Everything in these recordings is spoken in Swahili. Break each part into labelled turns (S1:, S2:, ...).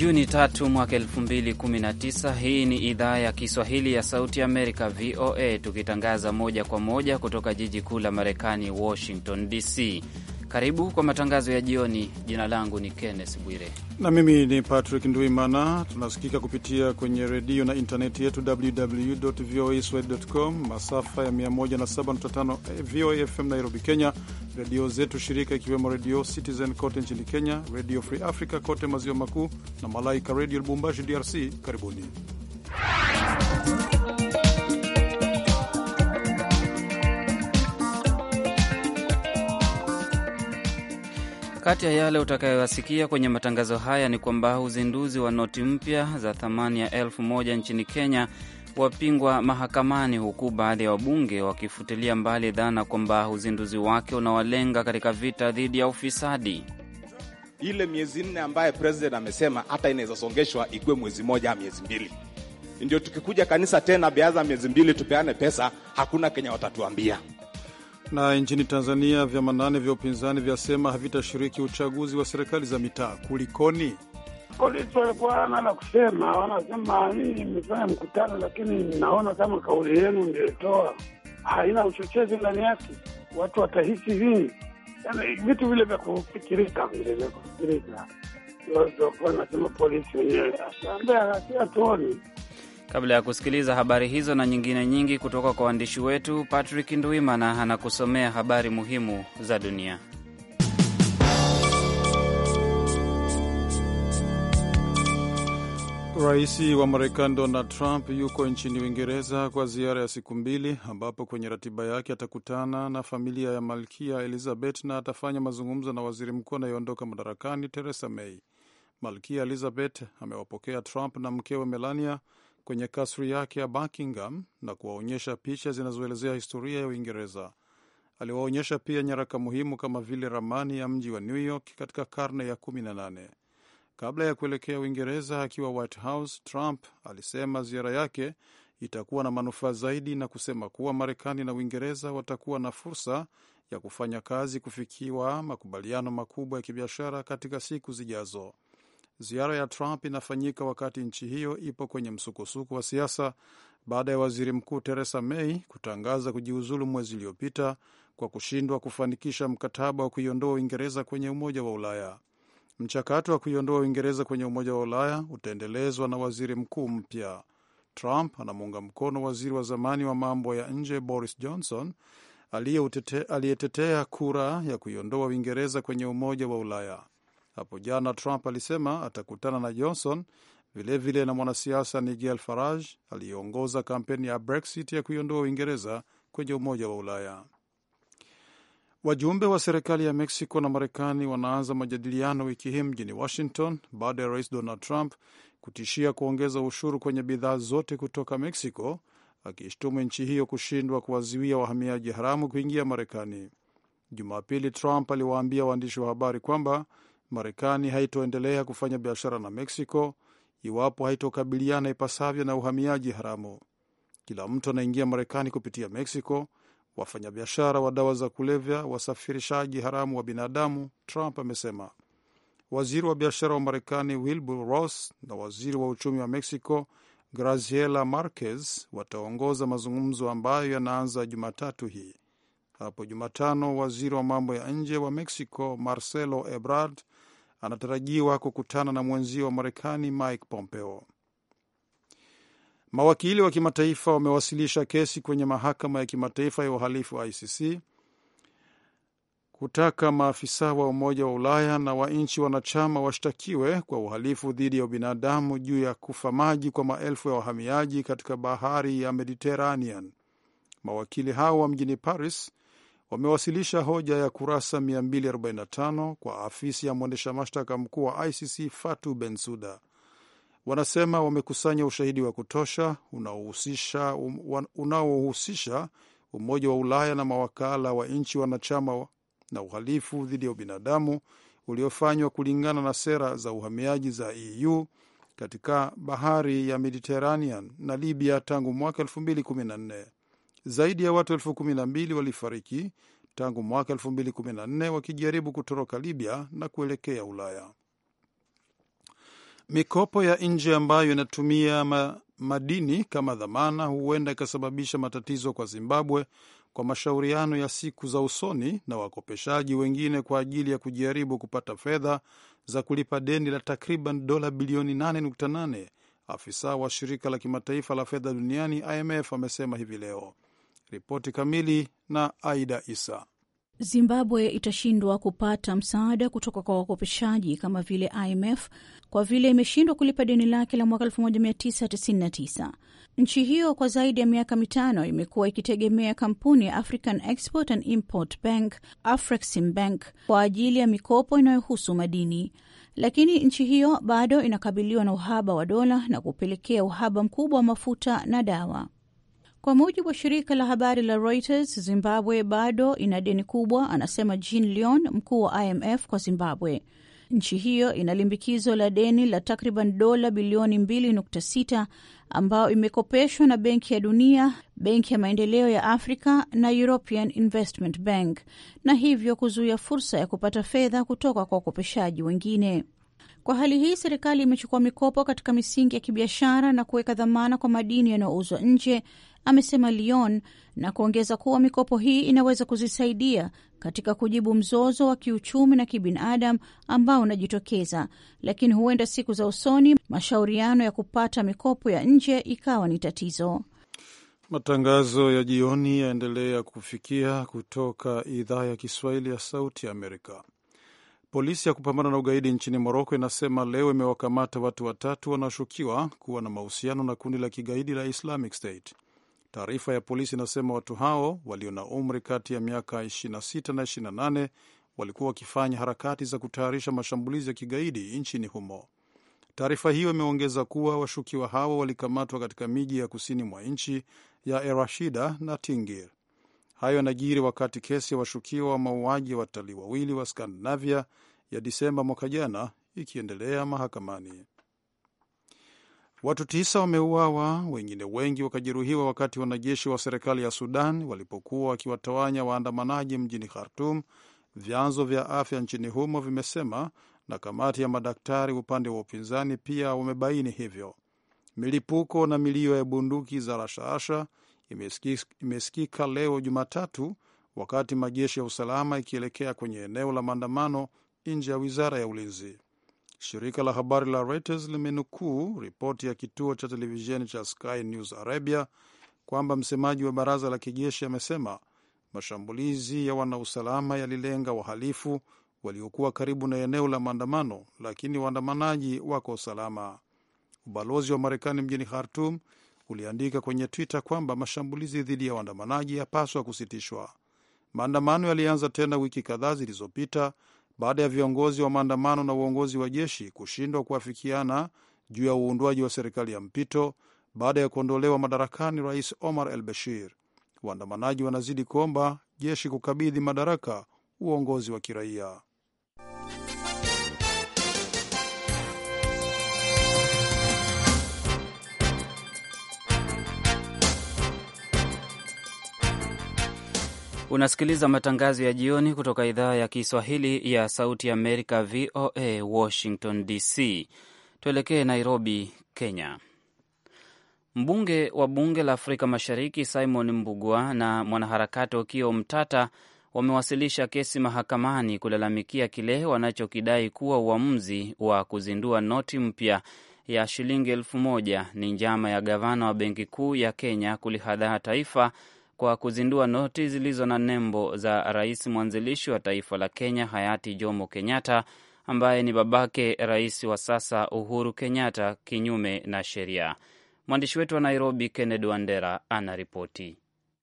S1: Juni tatu mwaka tisa. Hii ni idhaa ya Kiswahili ya Sauti Amerika, VOA, tukitangaza moja kwa moja kutoka jiji kuu la Marekani, Washington DC. Karibu kwa matangazo ya jioni. Jina langu ni Kenneth Bwire
S2: na mimi ni Patrick Nduimana. Tunasikika kupitia kwenye redio na intaneti yetu www voa swahili.com, masafa ya 107.5 VOA FM Nairobi, Kenya, redio zetu shirika ikiwemo Redio Citizen kote nchini Kenya, Redio Free Africa kote maziwa makuu na Malaika Redio Lubumbashi, DRC. Karibuni.
S1: Kati ya yale utakayoyasikia kwenye matangazo haya ni kwamba uzinduzi wa noti mpya za thamani ya elfu moja nchini Kenya wapingwa mahakamani, huku baadhi ya wabunge wakifutilia mbali dhana kwamba uzinduzi wake unawalenga katika vita dhidi ya ufisadi.
S3: Ile miezi nne ambaye president amesema hata inaweza songeshwa ikuwe mwezi a miezi mbili, ndio tukikuja kanisa tena beaza miezi mbili tupeane pesa, hakuna Kenya watatuambia
S2: na nchini Tanzania, vyama nane vya upinzani vyasema havitashiriki uchaguzi wa serikali za mitaa. Kulikoni?
S4: Polisi walikuwa hawana la kusema, wanasema hii imefanya mkutano, lakini naona kama kauli yenu ndiyoitoa, haina uchochezi ndani yake. Watu watahisi nini? Yaani, vitu vile vya kufikirika, vile vya kufikirika, ndio nasema polisi wenyewe, ambaye hatuoni
S1: Kabla ya kusikiliza habari hizo na nyingine nyingi kutoka kwa waandishi wetu, Patrick Ndwimana anakusomea habari muhimu za dunia. Rais wa Marekani Donald Trump
S2: yuko nchini Uingereza kwa ziara ya siku mbili, ambapo kwenye ratiba yake atakutana na familia ya Malkia Elizabeth na atafanya mazungumzo na waziri mkuu anayeondoka madarakani Theresa May. Malkia Elizabeth amewapokea Trump na mkewe Melania kwenye kasri yake ya Buckingham na kuwaonyesha picha zinazoelezea historia ya Uingereza. Aliwaonyesha pia nyaraka muhimu kama vile ramani ya mji wa New York katika karne ya 18. Kabla ya kuelekea Uingereza akiwa White House, Trump alisema ziara yake itakuwa na manufaa zaidi na kusema kuwa Marekani na Uingereza watakuwa na fursa ya kufanya kazi kufikiwa makubaliano makubwa ya kibiashara katika siku zijazo. Ziara ya Trump inafanyika wakati nchi hiyo ipo kwenye msukosuko wa siasa baada ya waziri mkuu Theresa May kutangaza kujiuzulu mwezi uliopita kwa kushindwa kufanikisha mkataba wa kuiondoa Uingereza kwenye Umoja wa Ulaya. Mchakato wa kuiondoa Uingereza kwenye Umoja wa Ulaya utaendelezwa na waziri mkuu mpya. Trump anamuunga mkono waziri wa zamani wa mambo ya nje Boris Johnson aliyetetea kura ya kuiondoa Uingereza kwenye Umoja wa Ulaya. Hapo jana Trump alisema atakutana na Johnson vilevile vile na mwanasiasa Nigel Farage aliyeongoza kampeni ya Brexit ya kuiondoa Uingereza kwenye Umoja wa Ulaya. Wajumbe wa serikali ya Mexico na Marekani wanaanza majadiliano wiki hii mjini Washington baada ya rais Donald Trump kutishia kuongeza ushuru kwenye bidhaa zote kutoka Mexico, akishtumu nchi hiyo kushindwa kuwazuia wahamiaji haramu kuingia Marekani. Jumapili, Trump aliwaambia waandishi wa habari kwamba Marekani haitoendelea kufanya biashara na Mexico iwapo haitokabiliana ipasavyo na uhamiaji haramu. Kila mtu anaingia Marekani kupitia Mexico, wafanyabiashara wa dawa za kulevya, wasafirishaji haramu wa binadamu, Trump amesema. Waziri wa biashara wa Marekani Wilbur Ross na waziri wa uchumi wa Mexico Graziela Marquez wataongoza mazungumzo ambayo yanaanza Jumatatu hii. Hapo Jumatano, waziri wa mambo ya nje wa Mexico Marcelo Ebrard anatarajiwa kukutana na mwenzio wa Marekani Mike Pompeo. Mawakili wa kimataifa wamewasilisha kesi kwenye mahakama ya kimataifa ya uhalifu wa ICC kutaka maafisa wa Umoja wa Ulaya na wa nchi wanachama washtakiwe kwa uhalifu dhidi ya ubinadamu juu ya kufa maji kwa maelfu ya wahamiaji katika bahari ya Mediterranean. Mawakili hao wa mjini Paris wamewasilisha hoja ya kurasa 245 kwa afisi ya mwendesha mashtaka mkuu wa ICC Fatu Bensuda. Wanasema wamekusanya ushahidi wa kutosha unaohusisha um, Umoja wa Ulaya na mawakala wa nchi wanachama na uhalifu dhidi ya ubinadamu uliofanywa kulingana na sera za uhamiaji za EU katika bahari ya Mediterranean na Libya tangu mwaka 2014. Zaidi ya watu elfu kumi na mbili walifariki tangu mwaka 2014 wakijaribu kutoroka Libya na kuelekea Ulaya. Mikopo ya nje ambayo inatumia ma madini kama dhamana huenda ikasababisha matatizo kwa Zimbabwe kwa mashauriano ya siku za usoni na wakopeshaji wengine kwa ajili ya kujaribu kupata fedha za kulipa deni la takriban dola bilioni 8.8, afisa wa shirika la kimataifa la fedha duniani IMF amesema hivi leo. Ripoti kamili na Aida
S5: Isa. Zimbabwe itashindwa kupata msaada kutoka kwa wakopeshaji kama vile IMF kwa vile imeshindwa kulipa deni lake la mwaka 1999. Nchi hiyo kwa zaidi ya miaka mitano imekuwa ikitegemea kampuni ya African Export and Import Bank, Afrexim Bank, kwa ajili ya mikopo inayohusu madini, lakini nchi hiyo bado inakabiliwa na uhaba wa dola na kupelekea uhaba mkubwa wa mafuta na dawa. Kwa mujibu wa shirika la habari la Reuters, Zimbabwe bado ina deni kubwa, anasema Jean Leon, mkuu wa IMF kwa Zimbabwe. Nchi hiyo ina limbikizo la deni la takriban dola bilioni 2.6 ambayo imekopeshwa na Benki ya Dunia, Benki ya Maendeleo ya Afrika na European Investment Bank, na hivyo kuzuia fursa ya kupata fedha kutoka kwa wakopeshaji wengine. Kwa hali hii, serikali imechukua mikopo katika misingi ya kibiashara na kuweka dhamana kwa madini yanayouzwa nje amesema Lyon na kuongeza kuwa mikopo hii inaweza kuzisaidia katika kujibu mzozo wa kiuchumi na kibinadamu ambao unajitokeza, lakini huenda siku za usoni mashauriano ya kupata mikopo ya nje ikawa ni tatizo.
S2: Matangazo ya jioni yaendelea kufikia kutoka idhaa ya Kiswahili ya Sauti Amerika. Polisi ya kupambana na ugaidi nchini Moroko inasema leo imewakamata watu watatu wanaoshukiwa kuwa na mahusiano na kundi la kigaidi la Islamic State. Taarifa ya polisi inasema watu hao walio na umri kati ya miaka 26 na 28 walikuwa wakifanya harakati za kutayarisha mashambulizi ya kigaidi nchini humo. Taarifa hiyo imeongeza kuwa washukiwa hao walikamatwa katika miji ya kusini mwa nchi ya Erashida na Tingir. Hayo yanajiri wakati kesi ya washukiwa wa mauaji ya watalii wawili wa Skandinavia ya Disemba mwaka jana ikiendelea mahakamani. Watu tisa wameuawa, wengine wengi wakajeruhiwa wakati wanajeshi wa serikali ya Sudan walipokuwa wakiwatawanya waandamanaji mjini Khartum, vyanzo vya afya nchini humo vimesema, na kamati ya madaktari upande wa upinzani pia wamebaini hivyo. Milipuko na milio ya bunduki za rashaasha imesikika leo Jumatatu wakati majeshi ya usalama ikielekea kwenye eneo la maandamano nje ya wizara ya ulinzi. Shirika la habari la Reuters limenukuu ripoti ya kituo cha televisheni cha Sky News Arabia kwamba msemaji wa baraza la kijeshi amesema mashambulizi ya wanausalama yalilenga wahalifu waliokuwa karibu na eneo la maandamano, lakini waandamanaji wako salama. Ubalozi wa Marekani mjini Khartum uliandika kwenye Twitter kwamba mashambulizi dhidi ya waandamanaji yapaswa kusitishwa. Maandamano yalianza tena wiki kadhaa zilizopita baada ya viongozi wa maandamano na uongozi wa jeshi kushindwa kuafikiana juu ya uundwaji wa serikali ya mpito baada ya kuondolewa madarakani Rais Omar El Bashir. Waandamanaji wanazidi kuomba jeshi kukabidhi madaraka uongozi wa kiraia.
S1: Unasikiliza matangazo ya jioni kutoka idhaa ya Kiswahili ya Sauti ya Amerika, VOA Washington DC. Tuelekee Nairobi, Kenya. Mbunge wa bunge la Afrika Mashariki Simon Mbugua na mwanaharakati Okiya Mtata wamewasilisha kesi mahakamani kulalamikia kile wanachokidai kuwa uamuzi wa kuzindua noti mpya ya shilingi elfu moja ni njama ya gavana wa Benki Kuu ya Kenya kulihadhaa taifa kwa kuzindua noti zilizo na nembo za rais mwanzilishi wa taifa la Kenya hayati Jomo Kenyatta ambaye ni babake rais wa sasa Uhuru Kenyatta kinyume na sheria. Mwandishi wetu wa Nairobi Kennedy Wandera anaripoti.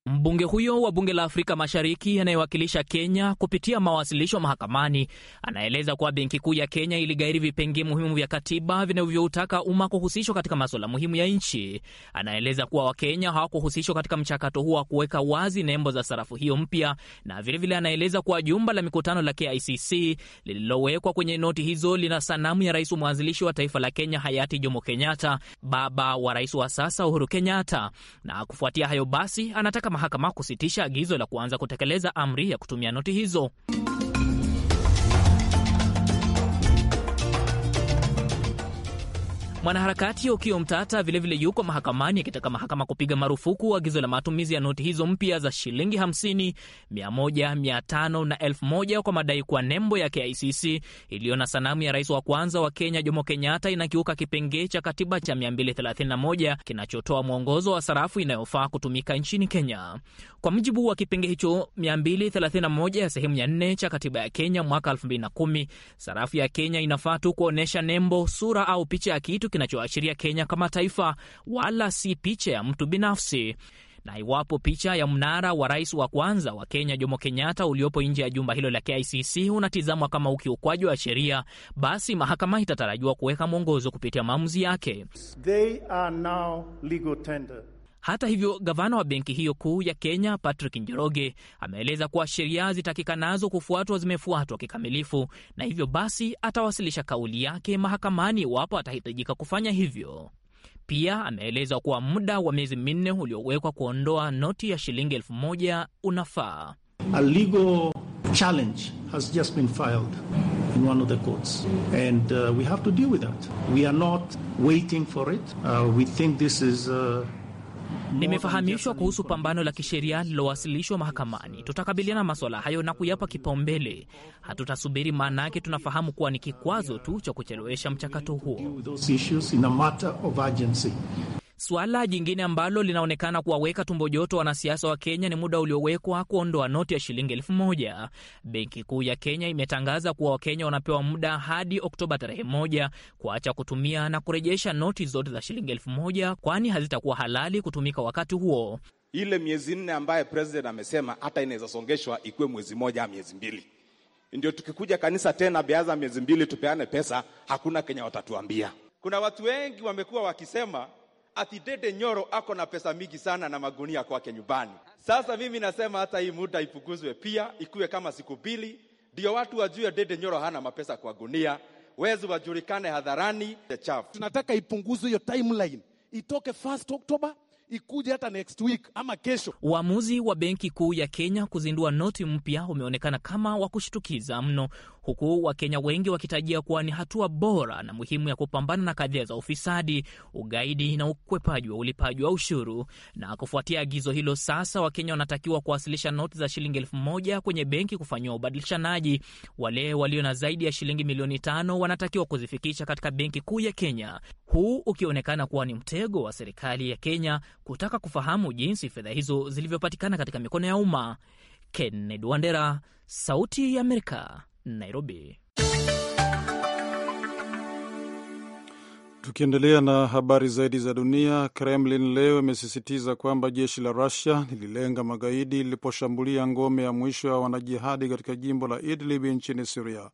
S1: Mbunge huyo wa bunge la Afrika Mashariki anayewakilisha
S6: Kenya kupitia mawasilisho mahakamani, anaeleza kuwa benki kuu ya Kenya iligairi vipengee muhimu vya katiba vinavyoutaka umma kuhusishwa katika masuala muhimu ya nchi. Anaeleza kuwa Wakenya hawakuhusishwa katika mchakato huo wa kuweka wazi nembo za sarafu hiyo mpya, na vilevile vile anaeleza kuwa jumba la mikutano la KICC lililowekwa kwenye noti hizo lina sanamu ya rais mwanzilishi wa taifa la Kenya hayati Jomo Kenyatta, baba wa rais wa sasa Uhuru Kenyatta, na kufuatia hayo basi anataka mahakama kusitisha agizo la kuanza kutekeleza amri ya kutumia noti hizo. Mwanaharakati Okio Mtata vilevile vile yuko mahakamani akitaka mahakama kupiga marufuku agizo la matumizi ya noti hizo mpya za shilingi 50, 100, 500 na 1000 kwa madai kuwa nembo ya KICC iliyo na sanamu ya rais wa kwanza wa Kenya Jomo Kenyatta inakiuka kipengee cha katiba cha 231 kinachotoa mwongozo wa sarafu inayofaa kutumika nchini Kenya. Kwa mujibu wa kipengee hicho 231 ya sehemu ya 4 cha katiba ya Kenya mwaka 2010, sarafu ya Kenya inafaa tu kuonyesha nembo, sura au picha ya kitu kinachoashiria Kenya kama taifa, wala si picha ya mtu binafsi na iwapo picha ya mnara wa rais wa kwanza wa Kenya Jomo Kenyatta uliopo nje ya jumba hilo la KICC unatizamwa kama ukiukwaji wa sheria, basi mahakama itatarajiwa kuweka mwongozo kupitia maamuzi yake.
S3: They are now legal tender.
S6: Hata hivyo, gavana wa benki hiyo kuu ya Kenya Patrick Njoroge ameeleza kuwa sheria zitakikanazo kufuatwa zimefuatwa kikamilifu, na hivyo basi atawasilisha kauli yake mahakamani iwapo atahitajika kufanya hivyo. Pia ameeleza kuwa muda wa miezi minne uliowekwa kuondoa noti ya shilingi elfu moja unafaa. A
S3: legal challenge has just been filed in one of the courts and uh,
S6: we have to deal with that.
S3: We are not waiting for it. Uh, we think this is uh...
S6: Nimefahamishwa kuhusu pambano la kisheria lilowasilishwa mahakamani. Tutakabiliana maswala hayo na kuyapa kipaumbele. Hatutasubiri, maana yake tunafahamu kuwa ni kikwazo tu cha kuchelewesha mchakato huo. Swala jingine ambalo linaonekana kuwaweka tumbo joto wanasiasa wa Kenya ni muda uliowekwa kuondoa noti ya shilingi elfu moja. Benki Kuu ya Kenya imetangaza kuwa Wakenya wanapewa muda hadi Oktoba tarehe moja kuacha kutumia na kurejesha noti zote za shilingi elfu moja kwani hazitakuwa halali kutumika wakati huo.
S3: Ile miezi nne ambaye president amesema hata inaweza songeshwa ikuwe mwezi moja au miezi mbili, ndio tukikuja kanisa tena beaza miezi mbili tupeane pesa, hakuna Kenya watatuambia. Kuna watu wengi wamekuwa wakisema ati Dede Nyoro ako na pesa mingi sana na magunia kwake nyumbani. Sasa mimi nasema hata hii muda ipunguzwe pia, ikuwe kama siku mbili, ndio watu wajue Dede Nyoro hana mapesa kwa gunia, wezi wajulikane
S6: hadharani. The chafu
S3: tunataka ipunguzwe hiyo timeline, itoke first October
S6: ikuje hata next week ama kesho. Uamuzi wa benki kuu ya Kenya kuzindua noti mpya umeonekana kama wa kushtukiza mno, huku Wakenya wengi wakitajia kuwa ni hatua bora na muhimu ya kupambana na kadhia za ufisadi, ugaidi na ukwepaji wa ulipaji wa ushuru. Na kufuatia agizo hilo, sasa Wakenya wanatakiwa kuwasilisha noti za shilingi elfu moja kwenye benki kufanyiwa ubadilishanaji. Wale walio na zaidi ya shilingi milioni tano wanatakiwa kuzifikisha katika benki kuu ya Kenya, huu ukionekana kuwa ni mtego wa serikali ya Kenya kutaka kufahamu jinsi fedha hizo zilivyopatikana katika mikono ya umma. Kennedy Wandera, Sauti ya Amerika, Nairobi.
S2: Tukiendelea na habari zaidi za dunia, Kremlin leo imesisitiza kwamba jeshi la Rusia lililenga magaidi liliposhambulia ngome ya mwisho ya wanajihadi katika jimbo la Idlib nchini Siria.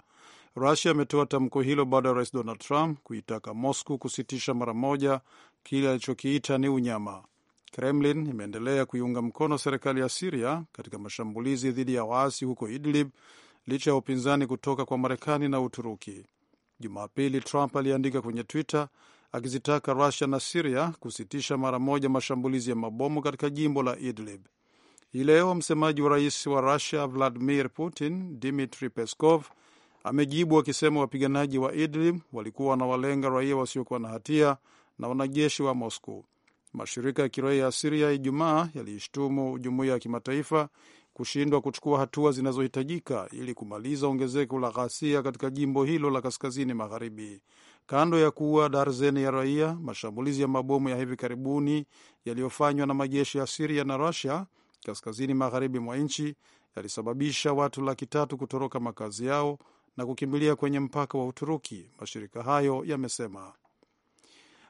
S2: Rusia ametoa tamko hilo baada ya rais Donald Trump kuitaka Moscow kusitisha mara moja kile alichokiita ni unyama. Kremlin imeendelea kuiunga mkono serikali ya Siria katika mashambulizi dhidi ya waasi huko Idlib licha ya upinzani kutoka kwa Marekani na Uturuki. Jumapili, Trump aliandika kwenye Twitter akizitaka Rusia na Siria kusitisha mara moja mashambulizi ya mabomu katika jimbo la Idlib. Hii leo msemaji wa rais wa Rusia Vladimir Putin, Dmitri Peskov, amejibu akisema wapiganaji wa Idlib walikuwa wanawalenga raia wasiokuwa na hatia na wanajeshi wa Moscow. Mashirika ya kiraia ya Siria Ijumaa yaliishtumu jumuiya ya kimataifa kushindwa kuchukua hatua zinazohitajika ili kumaliza ongezeko la ghasia katika jimbo hilo la kaskazini magharibi. Kando ya kuua darzeni ya raia, mashambulizi ya mabomu ya hivi karibuni yaliyofanywa na majeshi ya Siria na Rusia kaskazini magharibi mwa nchi yalisababisha watu laki tatu kutoroka makazi yao na kukimbilia kwenye mpaka wa Uturuki, mashirika hayo yamesema.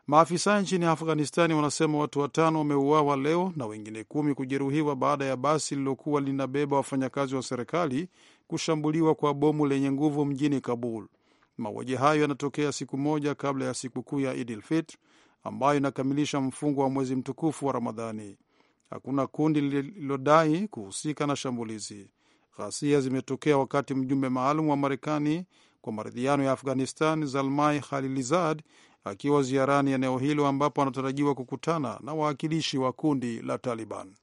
S2: Maafisa nchini Afghanistani wanasema watu watano wameuawa leo na wengine kumi kujeruhiwa baada ya basi lililokuwa linabeba wafanyakazi wa serikali kushambuliwa kwa bomu lenye nguvu mjini Kabul. Mauaji hayo yanatokea siku moja kabla ya sikukuu ya Idil Fitr ambayo inakamilisha mfungo wa mwezi mtukufu wa Ramadhani. Hakuna kundi lililodai kuhusika na shambulizi. Ghasia zimetokea wakati mjumbe maalum wa Marekani kwa maridhiano ya Afghanistan Zalmai Khalilizad akiwa ziarani eneo hilo ambapo anatarajiwa kukutana na wawakilishi wa kundi la Taliban.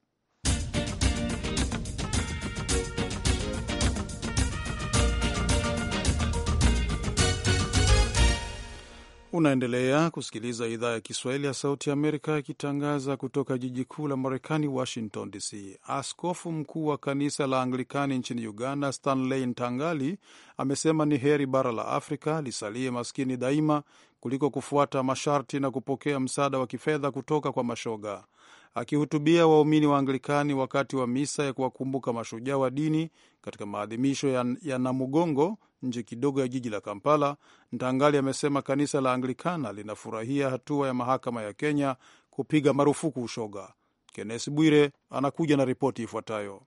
S2: Unaendelea kusikiliza idhaa ya Kiswahili ya Sauti ya Amerika ikitangaza kutoka jiji kuu la Marekani, Washington DC. Askofu mkuu wa kanisa la Anglikani nchini Uganda, Stanley Ntangali, amesema ni heri bara la Afrika lisalie maskini daima kuliko kufuata masharti na kupokea msaada wa kifedha kutoka kwa mashoga. Akihutubia waumini wa Anglikani wakati wa misa ya kuwakumbuka mashujaa wa dini katika maadhimisho ya, ya Namugongo nje kidogo ya jiji la Kampala, Ntangali amesema kanisa la Anglikana linafurahia hatua ya mahakama ya Kenya kupiga marufuku ushoga.
S1: Kennes Bwire anakuja na ripoti ifuatayo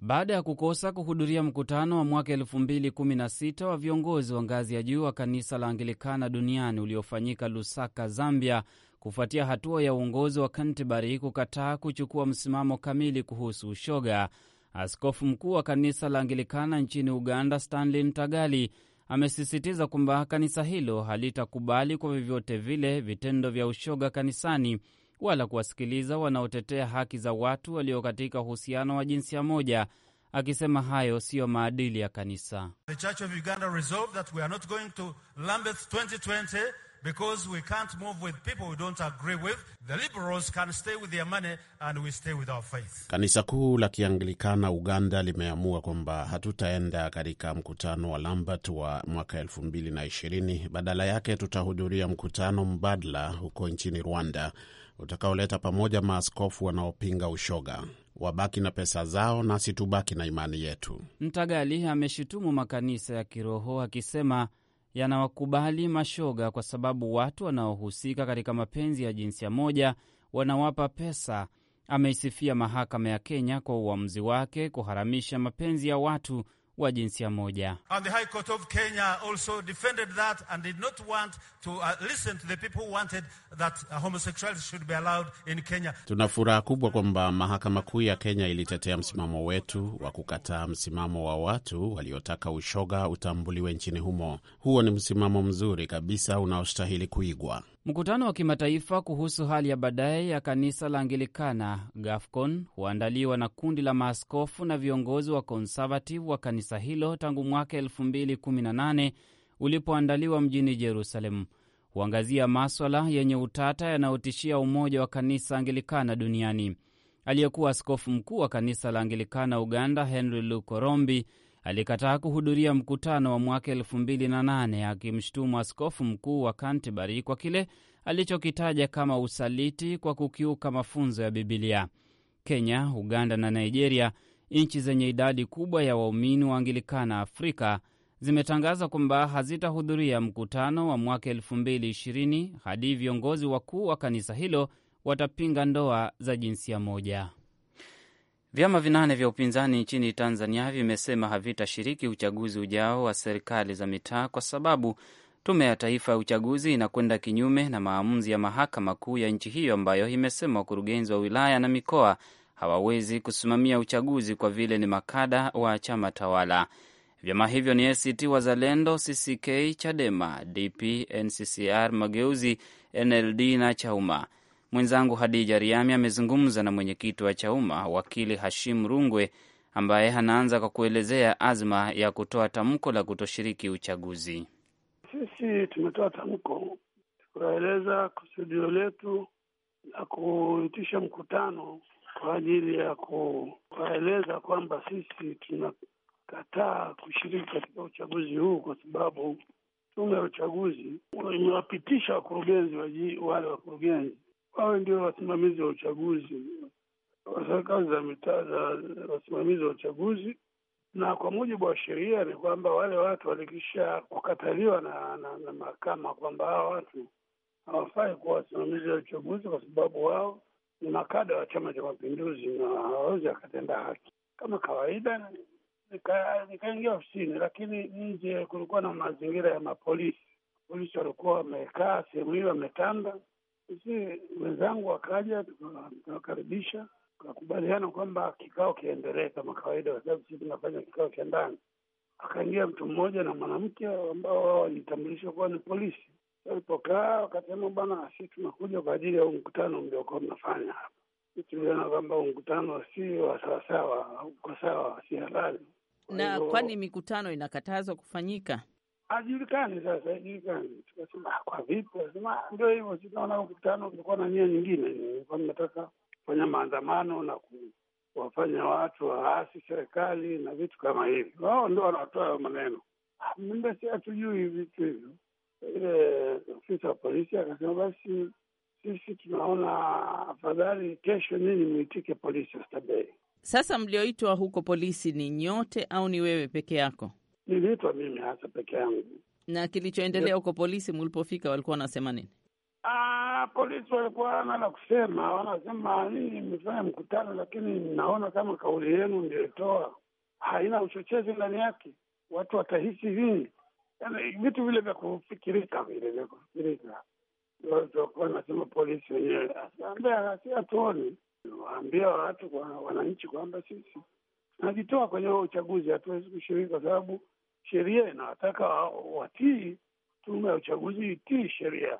S1: baada ya kukosa kuhudhuria mkutano wa mwaka 2016 wa viongozi wa ngazi ya juu wa kanisa la Anglikana duniani uliofanyika Lusaka, Zambia, kufuatia hatua ya uongozi wa Canterbury kukataa kuchukua msimamo kamili kuhusu ushoga. Askofu mkuu wa kanisa la Anglikana nchini Uganda, Stanley Ntagali, amesisitiza kwamba kanisa hilo halitakubali kwa vyovyote vile vitendo vya ushoga kanisani wala kuwasikiliza wanaotetea haki za watu walio katika uhusiano wa jinsia moja, akisema hayo siyo maadili ya kanisa.
S3: The Church of Uganda resolved that we are not going to Lambeth 2020 because we can't move with people we don't agree with. The liberals can stay with their money and we stay with our faith.
S7: Kanisa kuu la Kianglikana Uganda limeamua kwamba hatutaenda katika mkutano wa Lambert wa mwaka 2020, badala yake tutahudhuria mkutano mbadala huko nchini Rwanda utakaoleta pamoja maaskofu wanaopinga ushoga. Wabaki na pesa zao, nasi tubaki na imani yetu.
S1: Mtagali ameshutumu makanisa ya kiroho akisema yanawakubali mashoga kwa sababu watu wanaohusika katika mapenzi ya jinsia moja wanawapa pesa. Ameisifia mahakama ya Kenya kwa uamuzi wake kuharamisha mapenzi ya watu wa jinsia moja. Tuna
S7: furaha kubwa kwamba mahakama kuu ya Kenya ilitetea msimamo wetu wa kukataa msimamo wa watu waliotaka ushoga utambuliwe nchini humo. Huo ni msimamo mzuri kabisa unaostahili kuigwa.
S1: Mkutano wa kimataifa kuhusu hali ya baadaye ya kanisa la Anglikana GAFCON huandaliwa na kundi la maaskofu na viongozi wa konservative wa kanisa hilo tangu mwaka 2018 ulipoandaliwa mjini jerusalemu Huangazia maswala yenye utata yanayotishia umoja wa kanisa Anglikana duniani. Aliyekuwa askofu mkuu wa kanisa la Anglikana Uganda, Henry Lukorombi, alikataa kuhudhuria mkutano wa mwaka elfu akimshutumu askofu mkuu wa Canterbury kwa kile alichokitaja kama usaliti kwa kukiuka mafunzo ya Bibilia. Kenya, Uganda na Nigeria, nchi zenye idadi kubwa ya waumini wa Anglikana Afrika, zimetangaza kwamba hazitahudhuria mkutano wa mwaka elfu hadi viongozi wakuu wa kanisa hilo watapinga ndoa za jinsia moja. Vyama vinane vya upinzani nchini Tanzania vimesema havitashiriki uchaguzi ujao wa serikali za mitaa kwa sababu Tume ya Taifa ya Uchaguzi inakwenda kinyume na maamuzi ya Mahakama Kuu ya nchi hiyo ambayo imesema wakurugenzi wa wilaya na mikoa hawawezi kusimamia uchaguzi kwa vile ni makada wa chama tawala. Vyama hivyo ni ACT Wazalendo, CCK, Chadema, DP, NCCR Mageuzi, NLD na Chauma. Mwenzangu Hadija Riami amezungumza na mwenyekiti wa Chauma wakili Hashim Rungwe ambaye anaanza kwa kuelezea azma ya kutoa tamko la kutoshiriki uchaguzi.
S4: Sisi tumetoa tamko, kuwaeleza kusudio letu la kuitisha mkutano kwa ajili ya kuwaeleza kwamba sisi tunakataa kushiriki katika uchaguzi huu kwa sababu tume ya uchaguzi imewapitisha wakurugenzi wale wakurugenzi wawe ndio wasimamizi wa uchaguzi
S5: wa serikali
S4: za mitaa za wasimamizi wa uchaguzi, na kwa mujibu wa sheria ni kwamba wale watu walikisha kukataliwa na, na, na mahakama kwamba hawa watu hawafai kuwa wasimamizi wa uchaguzi kwa sababu wao ni makada wa Chama cha Mapinduzi na hawawezi wakatenda haki kama kawaida. Nikaingia nika ofisini, lakini nje kulikuwa na mazingira ya mapolisi. Polisi walikuwa wamekaa sehemu hiyo, wametanda sisi wenzangu wakaja, tukawakaribisha, tukakubaliana kwamba kikao kiendelee kama kawaida, kwa sababu sisi tunafanya kikao cha ndani. Akaingia mtu mmoja na mwanamke ambao wao walitambulishwa kuwa ni polisi. Walipokaa wakasema, bwana, sisi tunakuja kwa ajili ya huu mkutano mliokuwa mnafanya hapa. Tuliona kwamba huu mkutano si wa sawasawa, uko sawa, si halali na kwani
S6: mikutano inakatazwa kufanyika? hajulikani. Sasa ajulikane. tukasema
S4: ah, kwa vipi? Asema ah, ndio hivyo, sinaona mkutano, ulikuwa na nia nyingine, nilikuwa nimetaka kufanya maandamano na kuwafanya watu waasi serikali na vitu kama hivi. Wao ndio wanatoa maneno, ah, mbe si hatujui vitu hivyo. Ile ofisa wa polisi akasema basi sisi tunaona afadhali kesho nini mwitike polisi Oysterbay.
S6: Sasa mlioitwa huko polisi ni nyote au ni wewe peke yako?
S4: niliitwa mimi hasa peke yangu.
S6: Na kilichoendelea huko polisi, mlipofika walikuwa wanasema nini?
S4: Ah, polisi walikuwa hawana la kusema, wanasema nini, mmefanya mkutano, lakini naona kama kauli yenu ndiyoitoa haina uchochezi ndani yake. Watu watahisi nini? Yaani, vitu vile vya kufikirika vile vya kufikirika nasema polisi wenyewe si hatuoni, waambia watu wananchi kwamba sisi tunajitoa kwenye huo uchaguzi, hatuwezi kushiriki kwa sababu sheria inawataka watii, tume ya uchaguzi itii sheria.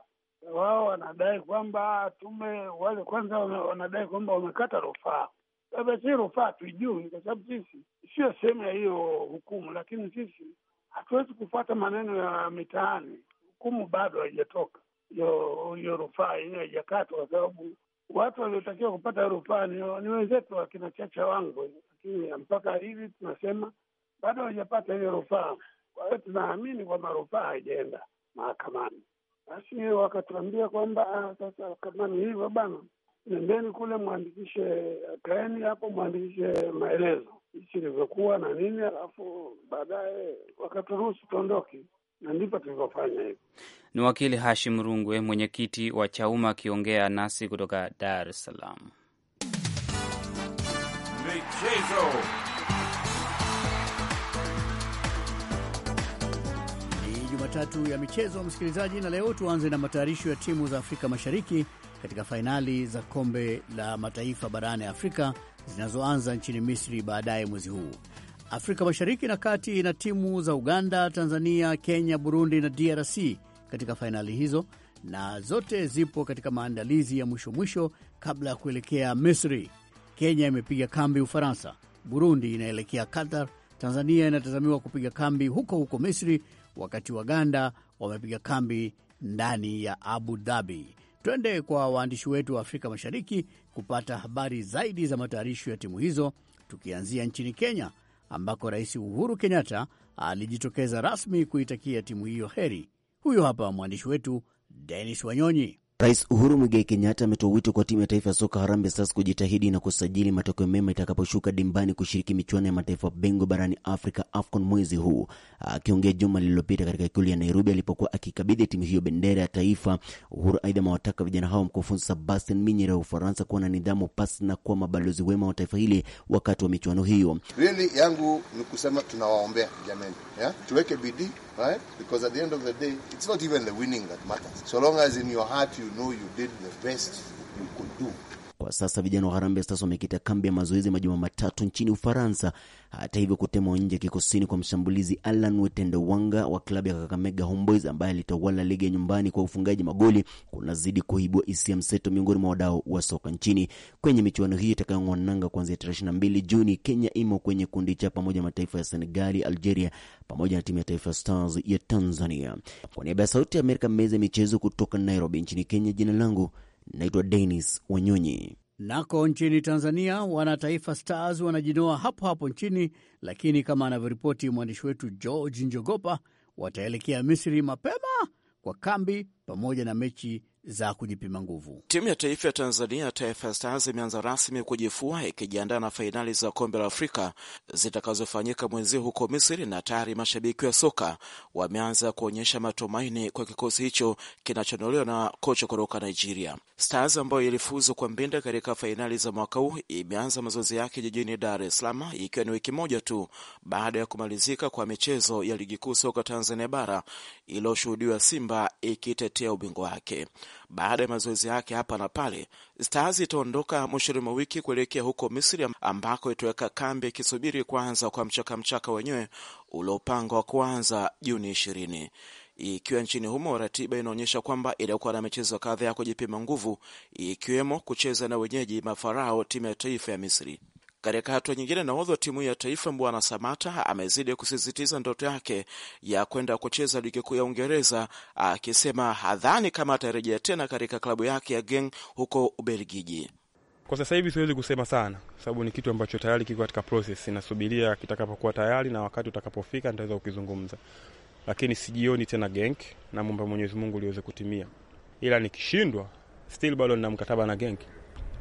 S4: Wao wanadai kwamba tume, wale kwanza wanadai kwamba wamekata rufaa. Sasa si rufaa tuijui, kwa sababu sisi sio sehemu ya hiyo hukumu, lakini sisi hatuwezi kufuata maneno ya mitaani. Hukumu bado haijatoka, hiyo rufaa yenyewe haijakatwa, kwa sababu watu waliotakiwa kupata rufaa ni wenzetu wakina Chacha Wangwe, lakini mpaka hivi tunasema bado hajapata ile rufaa. Kwa hiyo tunaamini kwamba rufaa haijaenda mahakamani. Basi wakatuambia kwamba ah, sasa, kama ni hivyo bana, nendeni kule mwandikishe, kaeni hapo mwandikishe maelezo hichi ilivyokuwa na nini, alafu baadaye wakaturuhusu tuondoke, na ndipo tulivyofanya hivyo.
S1: Ni wakili Hashim Rungwe, mwenyekiti wa Chauma, akiongea nasi kutoka Dar es Salaam.
S4: Michezo.
S8: tatu ya michezo, msikilizaji, na leo tuanze na matayarisho ya timu za Afrika Mashariki katika fainali za kombe la mataifa barani Afrika zinazoanza nchini Misri baadaye mwezi huu. Afrika Mashariki na Kati ina timu za Uganda, Tanzania, Kenya, Burundi na DRC katika fainali hizo, na zote zipo katika maandalizi ya mwisho mwisho kabla ya kuelekea Misri. Kenya imepiga kambi Ufaransa, Burundi inaelekea Qatar, Tanzania inatazamiwa kupiga kambi huko huko Misri, wakati Waganda wamepiga kambi ndani ya Abu Dhabi. Twende kwa waandishi wetu wa Afrika Mashariki kupata habari zaidi za matayarisho ya timu hizo, tukianzia nchini Kenya ambako Rais Uhuru Kenyatta alijitokeza rasmi kuitakia timu hiyo heri. Huyu hapa mwandishi wetu Denis Wanyonyi.
S9: Rais Uhuru mwigai Kenyatta ametoa wito kwa timu ya taifa ya soka Harambee Stars kujitahidi na kusajili matokeo mema itakaposhuka dimbani kushiriki michuano ya mataifa bingwa barani Afrika AFCON mwezi huu. Akiongea juma lililopita katika ikulu ya Nairobi alipokuwa akikabidhi timu hiyo bendera ya taifa, Uhuru aidha amewataka vijana hao mkufunzi Sebastian Minyere wa Ufaransa kuwa na nidhamu pasi na kuwa mabalozi wema wa taifa hili wakati wa michuano hiyo. Really yangu ni kusema tunawaombea jameni, yeah? tuweke bidii right? because at the end of the day it's not even the winning that matters so long as in your heart you you know you did the best you could do Kwa sasa vijana wa Harambee Stars wamekita kambi ya mazoezi majuma matatu nchini Ufaransa, hata hivyo kutemwa nje kikosini kwa mshambulizi Alan Wanga wa klabu ya Kakamega Homeboys ambaye alitawala ligi ya nyumbani kwa ufungaji magoli kunazidi kuibua hisia mseto miongoni mwa wadau wa soka nchini. Kwenye michuano hiyo itakayong'wananga kuanzia tarehe 22 Juni, Kenya imo kwenye kundi cha pamoja mataifa ya Senegali, Algeria pamoja na timu ya Taifa Stars ya Tanzania. Kwa niaba ya Sauti ya Amerika, meza ya michezo kutoka Nairobi nchini Kenya, jina langu Naitwa Denis Wanyonyi.
S8: Nako nchini Tanzania, wanataifa Stars wanajinoa hapo hapo nchini, lakini kama anavyoripoti mwandishi wetu George Njogopa, wataelekea Misri mapema kwa kambi pamoja na mechi za kujipima nguvu.
S7: Timu ya taifa ya Tanzania, Taifa Stars, imeanza rasmi kujifua ikijiandaa na fainali za kombe la Afrika zitakazofanyika mwenzio huko Misri, na tayari mashabiki wa soka wameanza kuonyesha matumaini kwa kikosi hicho kinachonolewa na kocha kutoka Nigeria. Stars ambayo ilifuzu kwa mbinda katika fainali za mwaka huu imeanza mazoezi yake jijini Dar es Salaam, ikiwa ni wiki moja tu baada ya kumalizika kwa michezo ya ligi kuu soka Tanzania bara iliyoshuhudiwa Simba ikitetea ubingwa wake. Baada ya mazoezi yake hapa na pale, Stars itaondoka mwishoni mwa wiki kuelekea huko Misri ambako itaweka kambi ikisubiri kuanza kwa mchakamchaka wenyewe uliopangwa kuanza Juni ishirini. Ikiwa nchini humo, ratiba inaonyesha kwamba itakuwa na michezo kadhaa ya kujipima nguvu, ikiwemo kucheza na wenyeji Mafarao, timu ya taifa ya Misri. Katika hatua nyingine, nahodha wa timu ya taifa Mbwana Samata amezidi kusisitiza ndoto yake ya kwenda kucheza ligi kuu ya Uingereza, akisema hadhani kama atarejea tena katika klabu yake ya Genk huko Ubelgiji.
S3: Kwa sasa hivi siwezi kusema sana, sababu ni kitu ambacho tayari kiko katika process. Nasubiria kitakapokuwa tayari na wakati utakapofika nitaweza kukizungumza, lakini sijioni tena Genk na mwomba Mwenyezi Mungu liweze kutimia, ila nikishindwa, still bado nina mkataba na Genk.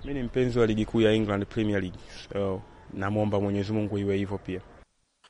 S3: Mi ni mpenzi wa ligi kuu ya England Premier League, so namwomba Mwenyezi Mungu iwe hivyo pia.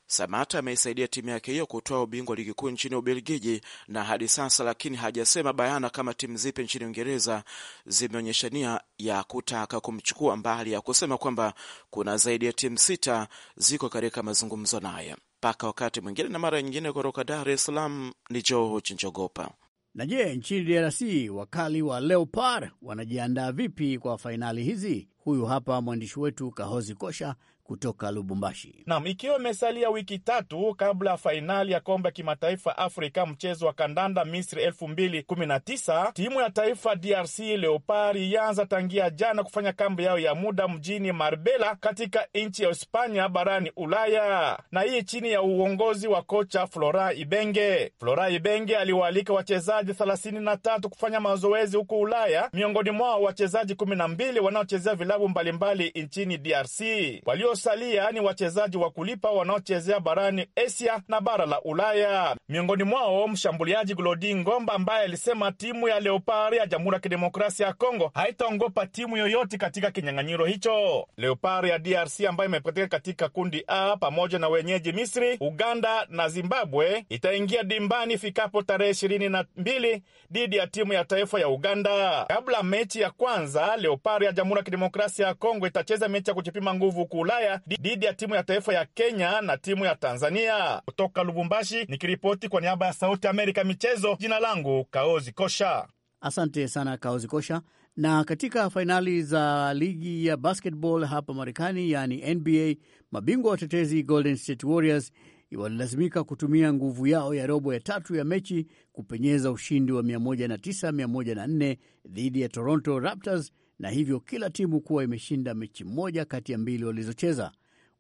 S7: Samata ameisaidia timu yake hiyo kutoa ubingwa ligi kuu nchini Ubelgiji na hadi sasa, lakini hajasema bayana kama timu zipi nchini Uingereza zimeonyesha nia ya kutaka kumchukua, mbali ya kusema kwamba kuna zaidi ya timu sita ziko katika mazungumzo naye. Mpaka wakati mwingine na mara nyingine, kutoka Dar es Salaam ni Joho Chinjogopa.
S8: Na je, nchini DRC wakali wa Leopard wanajiandaa vipi kwa fainali hizi? Huyu hapa mwandishi wetu Kahozi Kosha kutoka Lubumbashi.
S3: Nam, ikiwa imesalia wiki tatu kabla ya fainali ya kombe ya kimataifa Afrika mchezo wa kandanda Misri 2019 timu ya taifa DRC leopar ianza tangia jana kufanya kambi yao ya muda mjini Marbella katika nchi ya Hispania barani Ulaya, na hii chini ya uongozi wa kocha Flora Ibenge. Flora Ibenge aliwaalika wachezaji 33 kufanya mazoezi huko Ulaya, miongoni mwao wachezaji 12 wanaochezea vilabu mbalimbali nchini DRC walio kusalia ni wachezaji wa kulipa wanaochezea barani Asia na bara la Ulaya, miongoni mwao mshambuliaji Glodi Ngomba ambaye alisema timu ya Leopard ya Jamhuri ya Kidemokrasia ya Kongo haitaongopa timu yoyote katika kinyang'anyiro hicho. Leopard ya DRC ambayo imepatikana katika kundi A pamoja na wenyeji Misri, Uganda na Zimbabwe itaingia dimbani ifikapo tarehe ishirini na mbili dhidi ya timu ya taifa ya Uganda. Kabla mechi ya kwanza, Leopard ya Jamhuri ya Kidemokrasia ya Kongo itacheza mechi ya kujipima nguvu kuu Ulaya dhidi ya timu ya taifa ya Kenya na timu ya Tanzania. Kutoka Lubumbashi nikiripoti kwa niaba ya Sauti Amerika michezo, jina langu Kaozi Kosha.
S8: Asante sana Kaozi Kosha. Na katika fainali za ligi ya basketball hapa Marekani, yaani NBA, mabingwa watetezi Golden State Warriors walilazimika kutumia nguvu yao ya robo ya tatu ya mechi kupenyeza ushindi wa 109 104 dhidi ya Toronto Raptors na hivyo kila timu kuwa imeshinda mechi moja kati ya mbili walizocheza.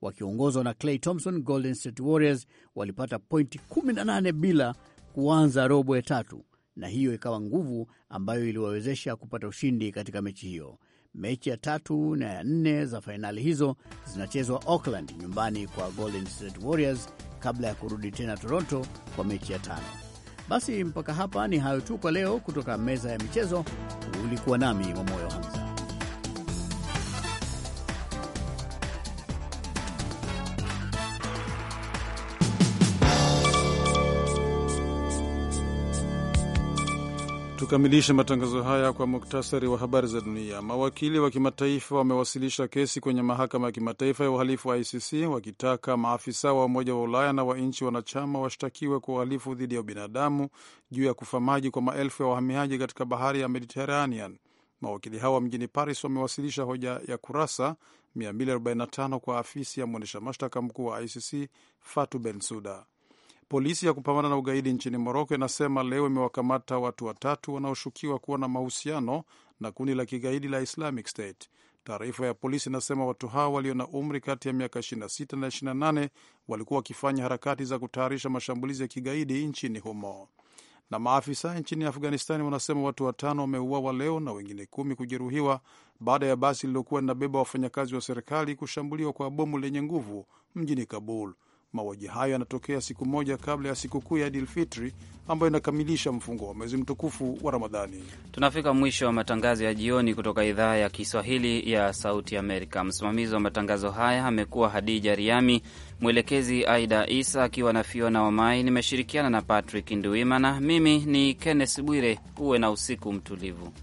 S8: Wakiongozwa na Clay Thompson, Golden State Warriors walipata pointi 18 bila kuanza robo ya tatu, na hiyo ikawa nguvu ambayo iliwawezesha kupata ushindi katika mechi hiyo. Mechi ya tatu na ya nne za fainali hizo zinachezwa Auckland, nyumbani kwa Golden State Warriors, kabla ya kurudi tena Toronto kwa mechi ya tano. Basi mpaka hapa ni hayo tu kwa leo, kutoka meza ya michezo. Ulikuwa nami Mwamoyo Hamza.
S2: Tukamilishe matangazo haya kwa muktasari wa habari za dunia. Mawakili wa kimataifa wamewasilisha kesi kwenye mahakama ya kimataifa ya uhalifu wa ICC wakitaka maafisa wa Umoja wa Ulaya na wa nchi wanachama washtakiwe kwa uhalifu dhidi ya ubinadamu juu ya kufa maji kwa maelfu ya wahamiaji katika bahari ya mediteranean Mawakili hawa mjini Paris wamewasilisha hoja ya kurasa 245 kwa afisi ya mwendesha mashtaka mkuu wa ICC Fatu Bensuda. Polisi ya kupambana na ugaidi nchini Moroko inasema leo imewakamata watu watatu wanaoshukiwa kuwa na mahusiano na kundi la kigaidi la Islamic State. Taarifa ya polisi inasema watu hao walio na umri kati ya miaka 26 na 28 walikuwa wakifanya harakati za kutayarisha mashambulizi ya kigaidi nchini humo. Na maafisa nchini Afghanistani wanasema watu watano wameuawa leo na wengine kumi kujeruhiwa baada ya basi lililokuwa linabeba wafanyakazi wa serikali kushambuliwa kwa bomu lenye nguvu mjini Kabul. Mauaji hayo yanatokea siku moja kabla ya sikukuu ya Idil Fitri ambayo inakamilisha mfungo wa mwezi mtukufu wa
S1: Ramadhani. Tunafika mwisho wa matangazo ya jioni kutoka idhaa ya Kiswahili ya Sauti Amerika. Msimamizi wa matangazo haya amekuwa Hadija Riami, mwelekezi Aida Isa akiwa na Fiona Wamai. Nimeshirikiana na Patrick Nduimana. Mimi ni Kenneth Bwire. Uwe na usiku mtulivu.